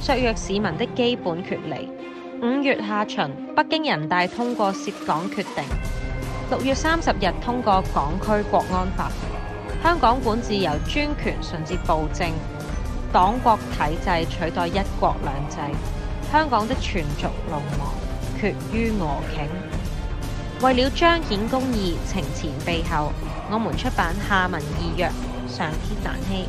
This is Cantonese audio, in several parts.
削弱市民的基本權利。五月下旬，北京人大通過涉港決定；六月三十日通過港區國安法。香港管治由專權順至暴政，黨國體制取代一國兩制。香港的全族龍王，絕於俄頃。為了彰顯公義，懲前毖後，我們出版下文異約，上天難欺。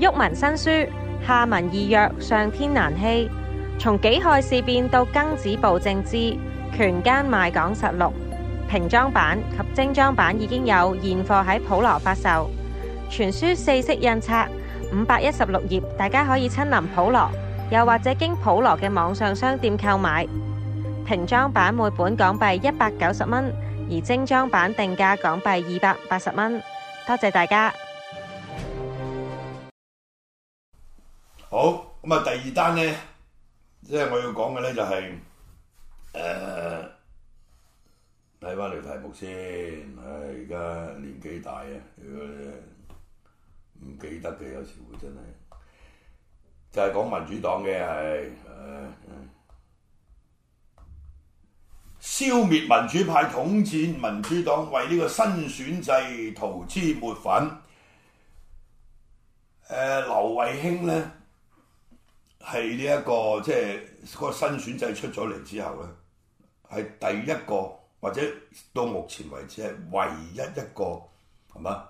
《毓民新書》，下民易虐，上天難欺。從己亥事變到庚子暴政之權奸賣港實錄，平裝版及精裝版已經有現貨喺普羅發售。全書四色印刷，五百一十六頁，大家可以親臨普羅，又或者經普羅嘅網上商店購買。平裝版每本港幣一百九十蚊，而精裝版定價港幣二百八十蚊。多謝大家。好咁啊！第二單咧，即係我要講嘅咧就係、是、誒，睇翻嚟題目先。唉、哎，而家年紀大啊，如果唔、呃、記得嘅，有時會真係就係、是、講民主黨嘅係，呃嗯、消滅民主派統戰，民主黨為呢個新選制塗脂抹粉。誒、呃，劉慧卿咧。係呢一個即係嗰個新選制出咗嚟之後咧，係第一個或者到目前為止係唯一一個係嘛？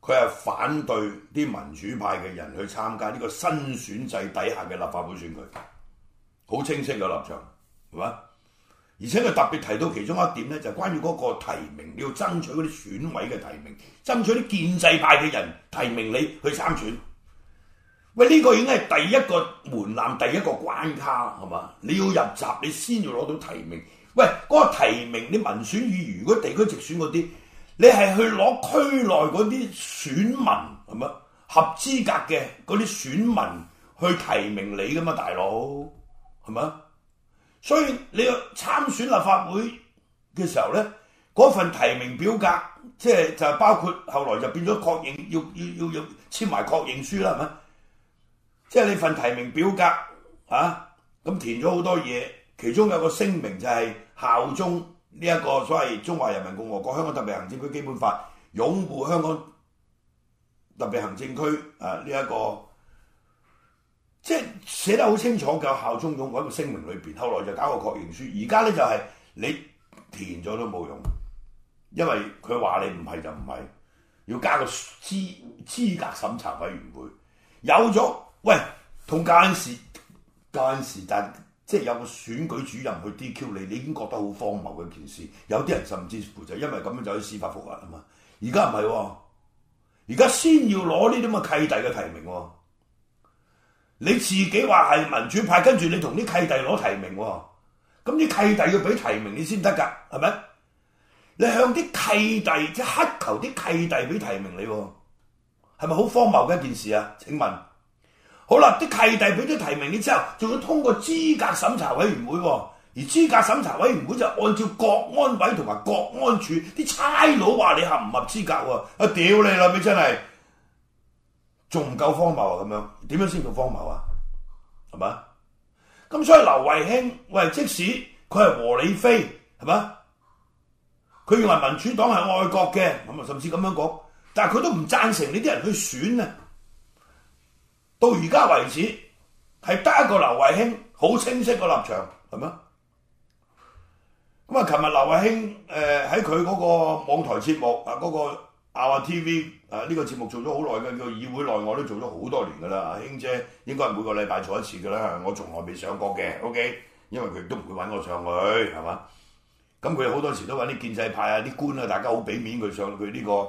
佢係反對啲民主派嘅人去參加呢個新選制底下嘅立法會選舉，好清晰嘅立場係嘛？而且佢特別提到其中一點咧，就係關於嗰個提名你要爭取嗰啲選委嘅提名，爭取啲建制派嘅人提名你去參選。喂，呢個已經係第一個門檻，第一個關卡，係嘛？你要入閘，你先要攞到提名。喂，嗰個提名你民選議員，如果地區直選嗰啲，你係去攞區內嗰啲選民，係嘛？合資格嘅嗰啲選民去提名你噶嘛，大佬係嘛？所以你要參選立法會嘅時候咧，嗰份提名表格，即係就包括後來就變咗確認，要要要要簽埋確認書啦，係嘛？即係你份提名表格啊，咁填咗好多嘢，其中有個聲明就係效忠呢一個所謂中華人民共和國香港特別行政區基本法，擁護香港特別行政區啊呢一個，即係寫得好清楚嘅效忠擁護嘅聲明裏邊，後來就搞個確認書，而家咧就係你填咗都冇用，因為佢話你唔係就唔係，要加個資資格審查委員會有咗。喂，同舊陣時舊陣時即係有個選舉主任去 DQ 你，你已經覺得好荒謬嘅一件事。有啲人甚至就因為咁樣就去司法覆核啊嘛。而家唔係，而家先要攞呢啲咁嘅契弟嘅提名。你自己話係民主派，跟住你同啲契弟攞提名，咁啲契弟要俾提名你先得㗎，係咪？你向啲契弟即刻求啲契弟俾提名你，係咪好荒謬嘅一件事啊？請問？好啦，啲契弟俾咗提名你之後，仲要通過資格審查委員會、哦，而資格審查委員會就按照國安委同埋國安處啲差佬話你合唔合資格喎，啊屌你啦，你真係仲唔夠荒謬啊！咁樣點樣先叫荒謬啊？係嘛？咁所以劉慧卿喂，即使佢係和理非係嘛，佢認為民主黨係愛國嘅，咁啊，甚至咁樣講，但係佢都唔贊成呢啲人去選啊。到而家為止，係得一個劉慧卿好清晰個立場，係咪？咁啊，琴日劉慧卿誒喺佢嗰個網台節目啊，嗰、那個亞運 TV 啊呢、這個節目做咗好耐嘅，叫議會內外都做咗好多年㗎啦。阿、啊、卿姐應該係每個禮拜做一次㗎啦，我從來未上過嘅。OK，因為佢都唔會揾我上去，係嘛？咁佢好多時都揾啲建制派啊、啲官啊，大家好俾面佢上佢呢個誒誒、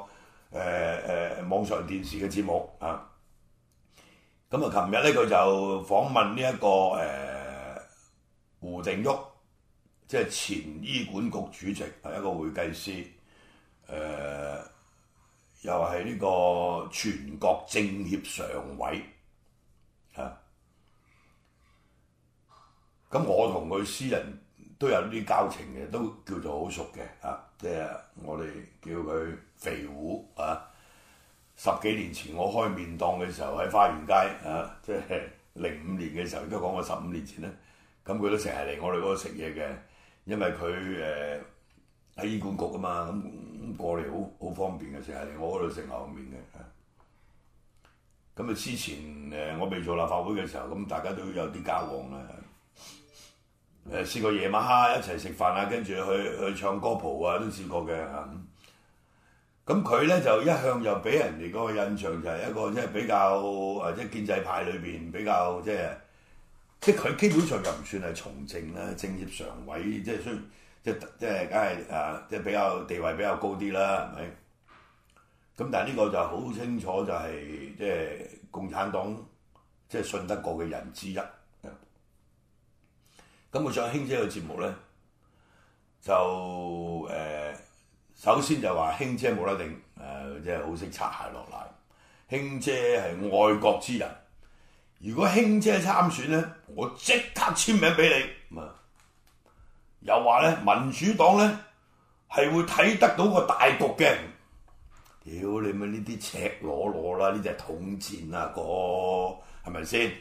呃啊、網上電視嘅節目啊。咁啊！琴日咧，佢就訪問呢、這、一個誒、呃、胡定旭，即、就、係、是、前醫管局主席，係一個會計師，誒、呃、又係呢個全國政協常委嚇。咁、啊、我同佢私人都有啲交情嘅，都叫做好熟嘅嚇。即、啊、係、就是、我哋叫佢肥胡。嚇、啊。十幾年前我開麵檔嘅時候喺花園街啊，即係零五年嘅時候，而家講我十五年前咧，咁佢都成日嚟我哋嗰度食嘢嘅，因為佢誒喺醫管局啊嘛，咁過嚟好好方便嘅，成日嚟我嗰度食牛麵嘅。咁啊之前誒、呃、我未做立法會嘅時候，咁大家都有啲交往啊，誒試過夜晚黑一齊食飯啊，跟住去去唱歌蒲啊都試過嘅。啊咁佢咧就一向又俾人哋嗰個印象就係一個即係比較或者建制派裏邊比較即係，即係佢基本上又唔算係從政啦，政協常委即係雖然即即係梗係啊，即係比較地位比較高啲啦，係咪？咁但係呢個就好清楚就係即係共產黨即係信得過嘅人之一。咁我想興姐嘅節目咧，就誒。呃首先就話興姐冇得定，誒即係好識擦鞋落嚟。興姐係愛國之人，如果興姐參選咧，我即刻簽名俾你。啊、嗯，又話咧民主黨咧係會睇得到個大局嘅。屌你咪呢啲赤裸裸啦，呢就係統戰啊、嗰個，係咪先？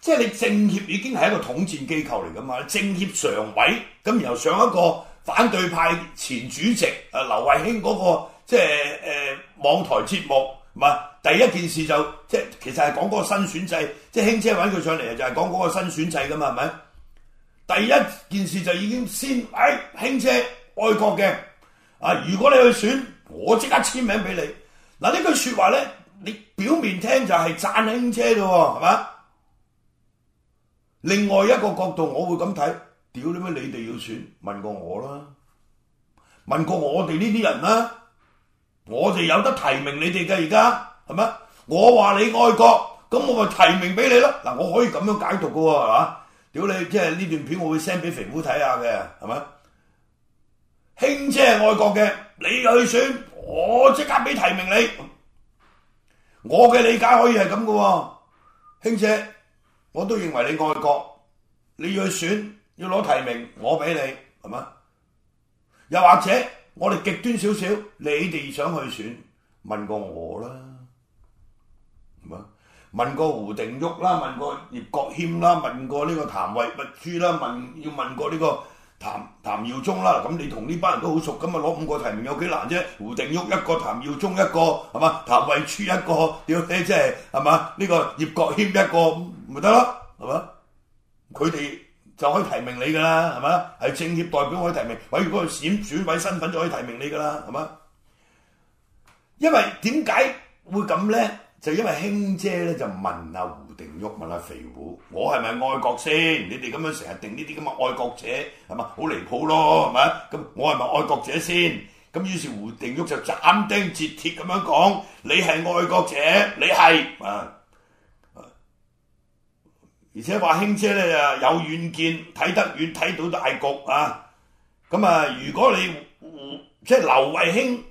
即係你政協已經係一個統戰機構嚟噶嘛？政協常委咁，然後上一個反對派前主席啊，劉慧卿嗰、那個即係誒網台節目，係嘛？第一件事就即係其實係講嗰個新選制，即係輕車揾佢上嚟就係講嗰個新選制噶嘛，係咪？第一件事就已經先誒輕、哎、車愛國嘅啊！如果你去選，我即刻簽名俾你嗱、啊、呢句説話咧，你表面聽就係讚輕車嘅喎，係嘛？另外一個角度，我會咁睇。屌你咩？你哋要選，問過我啦，問過我哋呢啲人啦，我哋有得提名你哋嘅，而家係咪？我話你愛國，咁我咪提名俾你咯。嗱，我可以咁樣解讀噶，吓，屌你，即係呢段片我會 send 俾肥虎睇下嘅，係咪？卿姐愛國嘅，你要去選，我即刻俾提名你。我嘅理解可以係咁噶，卿姐，我都認為你愛國，你要去選。要攞提名，我俾你，係嘛？又或者我哋極端少少，你哋想去選，問過我啦，係嘛？問過胡定旭啦，問過葉國謙啦，問過呢個譚惠珠啦，問要問過呢個譚譚耀宗啦。咁你同呢班人都好熟，咁啊攞五個提名有幾難啫？胡定旭一個，譚耀宗一個，係嘛？譚惠珠一個，要即係係嘛？呢個葉國謙一個，咪得咯，係嘛？佢哋。就可以提名你噶啦，係嘛？係政協代表可以提名，或者如果係選主委身份就可以提名你噶啦，係嘛？因為點解會咁咧？就因為兄姐咧就問阿胡定旭問阿肥胡，我係咪愛國先？你哋咁樣成日定呢啲咁嘅愛國者，係嘛？好離譜咯，係咪？咁我係咪愛國者先？咁於是胡定旭就斬釘截鐵咁樣講：你係愛國者，你係啊！而且話卿姐咧，又有遠見，睇得遠，睇到大局啊！咁、嗯、啊，如果你即係、嗯就是、劉慧卿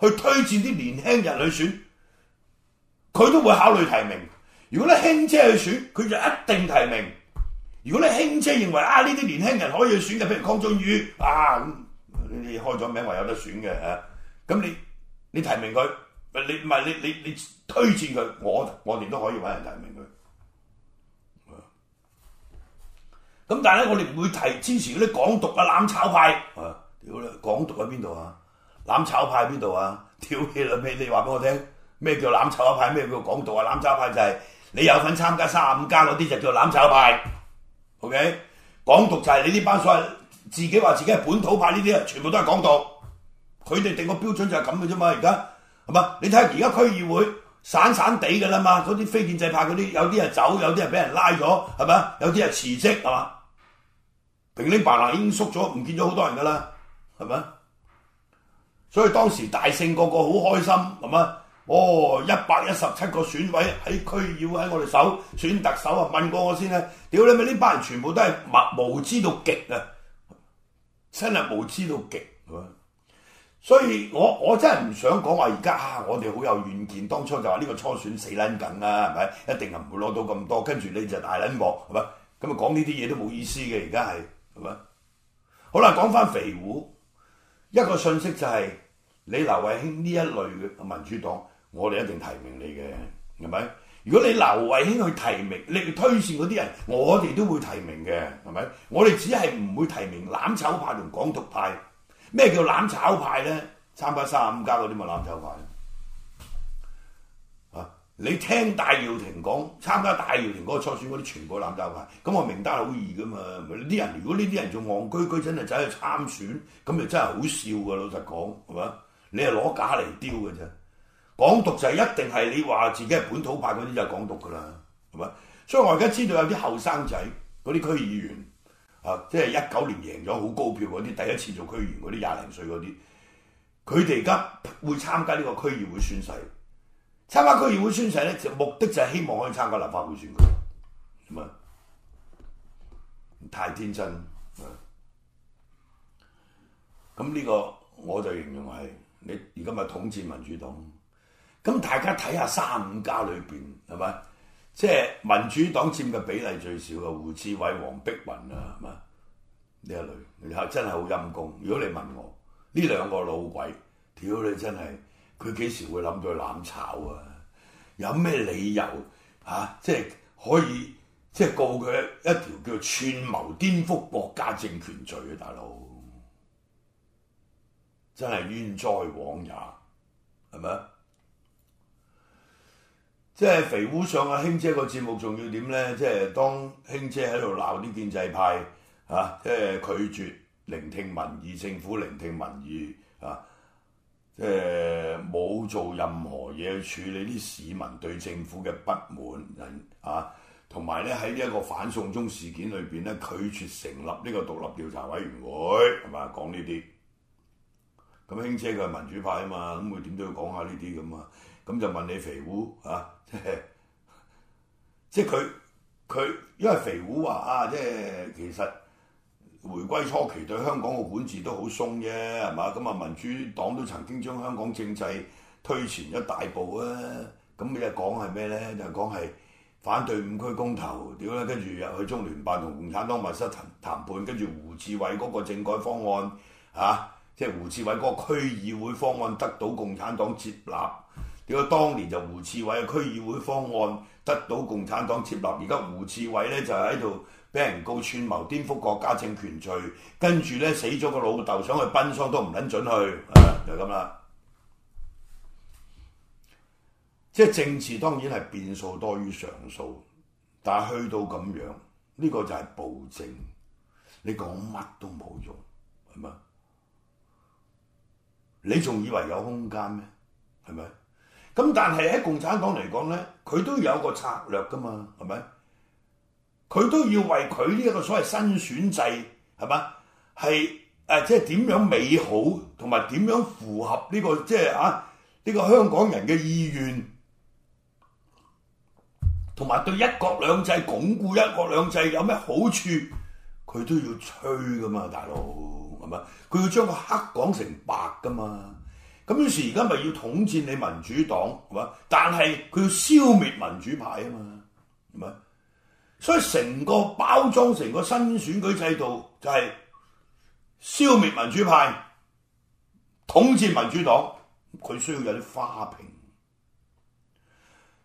去推薦啲年輕人去選，佢都會考慮提名。如果咧卿姐去選，佢就一定提名。如果咧卿姐認為啊，呢啲年輕人可以去選嘅，譬如鄺俊宇啊，咁呢啲開咗名話有得選嘅嚇，咁、啊、你你提名佢，唔你唔係你你你，你推薦佢，我我哋都可以揾人提名佢。咁但係咧，我哋唔會提支持嗰啲港獨、哎、港獨啊、攬炒派啊，屌港獨喺邊度啊？攬炒派邊度啊？屌你啦！咩？你話俾我聽咩叫攬炒派？咩叫港獨啊？攬炒派就係、是、你有份參加三五+嗰啲就叫攬炒派。OK，港獨就係你呢班所謂自己話自己係本土派呢啲啊，全部都係港獨。佢哋定個標準就係咁嘅啫嘛。而家係嘛？你睇下而家區議會散散地㗎啦嘛。嗰啲非建制派嗰啲有啲係走，有啲係俾人拉咗，係咪？有啲係辭職，係嘛？平靚白藍已經縮咗，唔見咗好多人噶啦，係咪？所以當時大勝個個好開心，係咪？哦，一百一十七個選委喺區要喺我哋手選特首啊！問過我先咧，屌你咪呢班人全部都係冇無知到極啊！真係無知到極，所以我我真係唔想講話而家啊，我哋好有遠見，當初就話呢個初選死撚緊啦，係咪？一定係唔會攞到咁多，跟住你就大撚搏，係咪？咁啊講呢啲嘢都冇意思嘅，而家係。係，好啦，講翻肥虎一個信息就係、是，你劉慧卿呢一類嘅民主黨，我哋一定提名你嘅，係咪？如果你劉慧卿去提名，你推薦嗰啲人，我哋都會提名嘅，係咪？我哋只係唔會提名攬炒派同港獨派。咩叫攬炒派咧？參加三五加嗰啲咪攬炒派。你聽戴耀廷講，參加戴耀廷嗰個初選嗰啲全部攬炒派，咁我名單好易噶嘛？啲人，如果呢啲人仲戇居居真係走去參選，咁就真係好笑噶。老實講係嘛？你係攞假嚟丟嘅啫。港獨就係一定係你話自己係本土派嗰啲就港獨噶啦，係嘛？所以我而家知道有啲後生仔嗰啲區議員啊，即係一九年贏咗好高票嗰啲，第一次做區議員嗰啲廿零歲嗰啲，佢哋而家會參加呢個區議會宣誓。參加區議會宣誓咧，目的就係希望可以參加立法會選舉，係咪？太天真啦！咁呢個我就形容係你而家咪統戰民主黨，咁大家睇下三五家裏邊係咪？即係民主黨佔嘅比例最少嘅胡志偉、黃碧雲啊，係嘛？呢一類你係、啊、真係好陰功。如果你問我呢兩個老鬼，屌你真係！佢幾時會諗到攬炒啊？有咩理由嚇、啊？即係可以即係告佢一,一條叫串謀顛覆國家政權罪啊！大佬真係冤哉枉也，係咪啊，啊？即係肥烏上阿興姐個節目仲要點咧？即係當興姐喺度鬧啲建制派嚇，即係拒絕聆聽民意，政府聆聽民意啊！誒冇做任何嘢去處理啲市民對政府嘅不滿，人啊，同埋咧喺呢一個反送中事件裏邊咧拒絕成立呢個獨立調查委員會，係嘛講呢啲。咁輕車佢係民主派啊嘛，咁佢點都要講下呢啲咁啊？咁、嗯、就問你肥烏啊，哈哈即係即係佢佢，因為肥烏話啊，即係其實。回歸初期對香港嘅管治都好鬆啫，係嘛？咁啊，民主黨都曾經將香港政制推前一大步啊！咁你又講係咩咧？就講、是、係反對五區公投，屌啦！跟住入去中聯辦同共產黨密室談談判，跟住胡志偉嗰個政改方案吓？即、啊、係、就是、胡志偉嗰個區議會方案得到共產黨接納。點解當年就胡志偉嘅區議會方案得到共產黨接納？而家胡志偉咧就喺度。俾人告串謀顛覆國家政權罪，跟住咧死咗個老豆，想去奔喪都唔撚准去，就咁啦。即係政治當然係變數多於常數，但係去到咁樣，呢個就係暴政。你講乜都冇用，係咪？你仲以為有空間咩？係咪？咁但係喺共產黨嚟講咧，佢都有個策略噶嘛，係咪？佢都要為佢呢一個所謂新選制係嘛，係誒、呃、即係點樣美好同埋點樣符合呢、這個即係啊呢個香港人嘅意願，同埋對一國兩制、鞏固一國兩制有咩好處，佢都要吹㗎嘛，大佬係咪？佢要將個黑講成白㗎嘛？咁於是而家咪要統戰你民主黨係嘛？但係佢要消滅民主派啊嘛，係咪？所以成個包裝成個新選舉制度就係消滅民主派，統戰民主黨，佢需要有啲花瓶。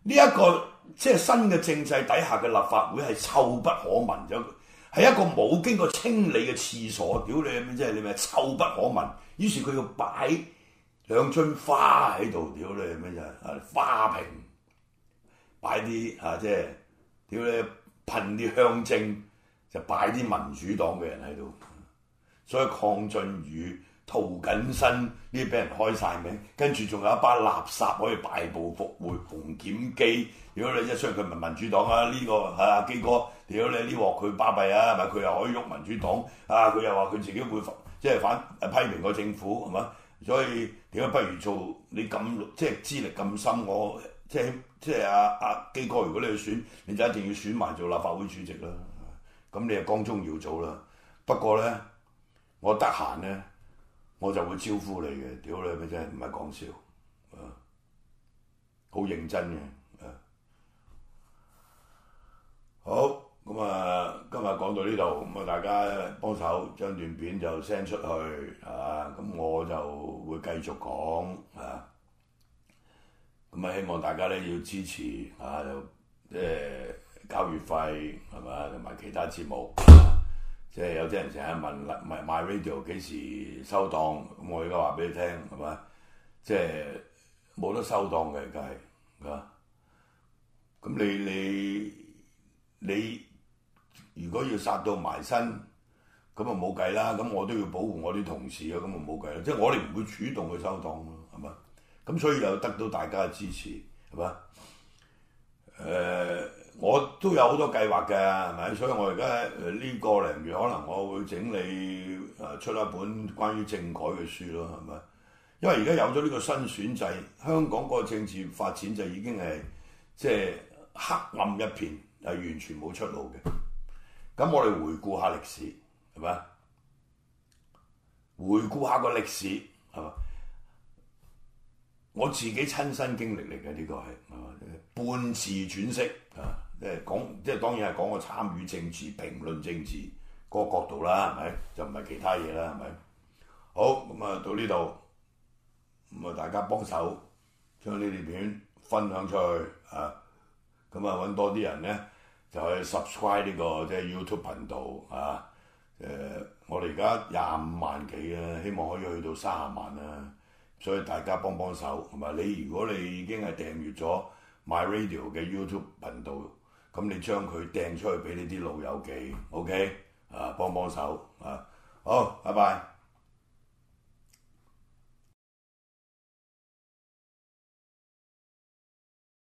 呢、這、一個即係新嘅政制底下嘅立法會係臭不可聞，咁係一個冇經過清理嘅廁所，屌你咩啫？你咪臭不可聞。於是佢要擺兩樽花喺度，屌你咩就啊，花瓶，擺啲嚇，即係屌你。噴啲香精，就擺啲民主黨嘅人喺度，所以鄺俊宇、涂謹申呢啲俾人開晒名，跟住仲有一班垃圾可以敗部覆滅紅檢機。如果你一出佢唔係民主黨啊，呢、這個啊基哥，屌你呢鑊佢巴閉啊，唔係佢又可以喐民主黨啊，佢又話佢自己會即係、就是、反批評個政府係嘛，所以點解不如做你咁即係資歷咁深我？即係即係阿阿基哥，如果你去選，你就一定要選埋做立法會主席啦。咁、啊、你就光宗耀祖啦。不過咧，我得閒咧，我就會招呼你嘅。屌你咪真係唔係講笑，啊，好認真嘅、啊。好咁啊、嗯嗯，今日講到呢度，咁啊大家幫手將段片就 send 出去，係、啊、咁、嗯、我就會繼續講啊。咁啊，希望大家咧要支持啊，即係交月費，係嘛，同埋其他節目，即係有啲人成日問啦，咪 MyRadio 幾時收檔？咁我而家話俾你聽，係嘛，即係冇得收檔嘅，梗係啊。咁你你你如果要殺到埋身，咁啊冇計啦。咁我都要保護我啲同事啊，咁啊冇計啊。即係我哋唔會主動去收檔咯，係咪？咁所以又得到大家嘅支持，係咪？誒、呃，我都有好多計劃嘅，係咪？所以我而家呢個零月，可能我會整理誒出一本關於政改嘅書咯，係咪？因為而家有咗呢個新選制，香港個政治發展就已經係即係黑暗一片，係完全冇出路嘅。咁我哋回顧下歷史，係咪？回顧下個歷史，係咪？我自己親身經歷嚟嘅呢個係、啊，半次轉色啊，即係講，即係當然係講我參與政治、評論政治嗰、那個角度啦，係咪？就唔係其他嘢啦，係咪？好咁啊、嗯，到呢度咁啊，大家幫手將呢條片分享出去啊，咁、嗯這個、啊，揾多啲人咧就去 subscribe 呢個即係 YouTube 頻道啊。誒，我哋而家廿五萬幾啦，希望可以去到三十萬啦、啊。所以大家幫幫手，同埋你如果你已經係訂閲咗 My Radio 嘅 YouTube 頻道，咁你將佢掟出去俾呢啲老友記，OK 啊，幫幫手啊，好，拜拜。